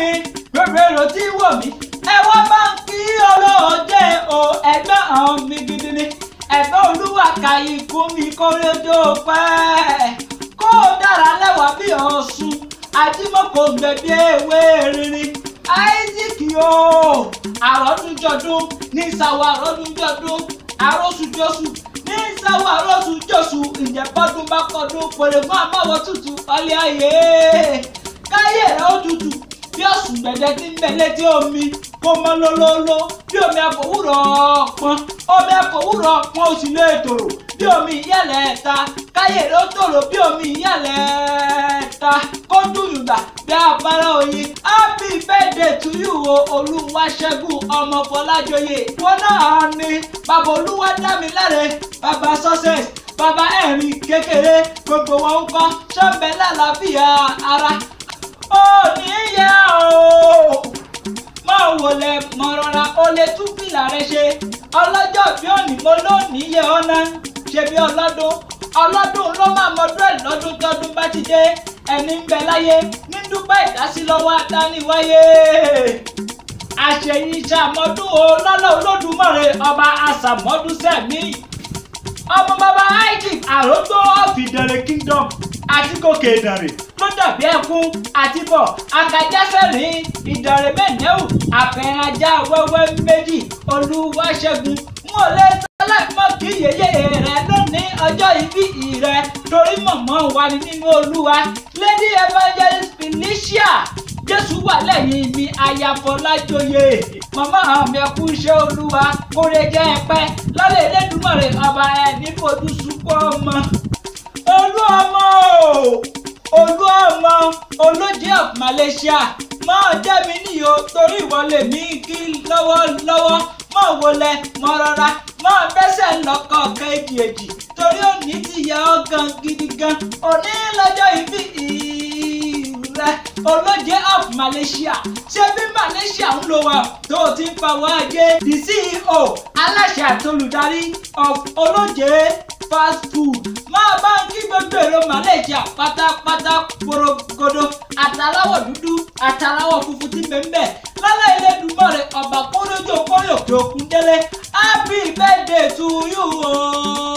mi rere ló ti wọ̀ mí ẹ wá bá ń pín ọlọ́ọ̀dẹ o ẹ̀gbọ́n àwọn mi gidi ni ẹ̀gbọ́n olúwa kàyí kún mi kó lójó pẹ́ kó dára lẹ́wà bí ọ̀ṣun àdìmọ́kò gbẹ̀bí ewé rírin isaac o àròdúnjọdún ní ìsàwọ̀ àròdúnjọdún àròsùjọsù ní ìsàwọ̀ àròsùjọsù ìjẹ́bọ́dún bá kọdún kò lè fún àbáwọ̀ tutù ọlẹ́ ayé káyé rẹ̀ ó tutù bí ọ̀sùn gbẹ̀dẹ̀ tí ń bẹ létí omi kó mọ́ lólóóló bí omi àkòwúrọ̀ ọ̀pọ̀n omi àkòwúrọ̀ ọ̀pọ̀n oṣù lè tòrò bí omi ìyàlẹ̀ ẹ̀ta káyè ló tòrò bí omi ìyàlẹ̀ ẹ̀ta kó dùnyùgbà bí abala oyin happy birthday to you o olúwaṣẹ́gun ọmọ fọlájọyè wọn náà ni bàbá olúwa dámiláre bàbá success bàbá ẹ̀rín kékeré gbogbo wọn ń kọ́ ṣọ́ọ̀bẹ̀ lálàáfíà ara ó ní yẹ. tún fìlà rẹ ṣe ọlọ́jọ́ bí òní mo lónìí yẹ ọ́nà ṣe bí ọlọ́dún ọlọ́dún ló máa mọdún ẹ̀ lọ́dún tọdún bá ti dé ẹni ń bẹ láyé ní dúpẹ́ ìdásí lọ́wọ́ adániwáyé àṣeyí ṣàmọ́dún o lọ́lọ́ olódùmọ̀rè ọba àṣàmọ́dún sẹ́mi ọmọ bàbá isaac àrógbó ọ̀fìdẹ̀rẹ̀ kingdom àti gòkè ìdàrẹ̀ dàbí ẹkún àtibọ̀ akajásẹ̀rín ìdànrè mẹ́nẹ́wù àfẹ̀rànjá wẹ́wẹ́ méjì olúwaṣẹ́gun mú o lé kí yèyé rẹ lónìí ọjọ́ ìbí rẹ torí mọ̀mọ́ wà nínú olúwa lady evangelist Felicia jésù wà lẹ́yìn mi ayàfọlájòyè màmá mi ẹkú iṣẹ́ olúwa kórè jẹ́ ẹ̀pẹ́ lálẹ́ ẹlẹ́dùnmọ̀ rẹ̀ ọba ẹ̀ ní fojú sunkún ọmọ. lọ́wọ́ olójì of Malaysia máa jẹ́ mi níyò torí ìwọlé mi kí lọ́wọ́lọ́wọ́ máa wọlé mọ́ rọra máa bẹ́sẹ̀ lọ́kọ̀ ọ̀kẹ́ èjì èjì torí òní ti yẹ ọ́ gan gidi gan òní lọ́jọ́ ìbí rẹ olójì of Malaysia ṣé bí Malaysia ń lo wa tó o ti ń fa wá ajé the CEO aláṣẹ àtolùdarí of olójì fast máa bá ń kí gbogbo èrò malaysia pátápátá porogodo àtàláwọ̀ dúdú àtàláwọ̀ funfun ti bẹ̀m̀bẹ̀ lálẹ́ ilé dùmọ̀ rẹ̀ ọ̀bà kórójó kórè òkè happy birthday to you ooo.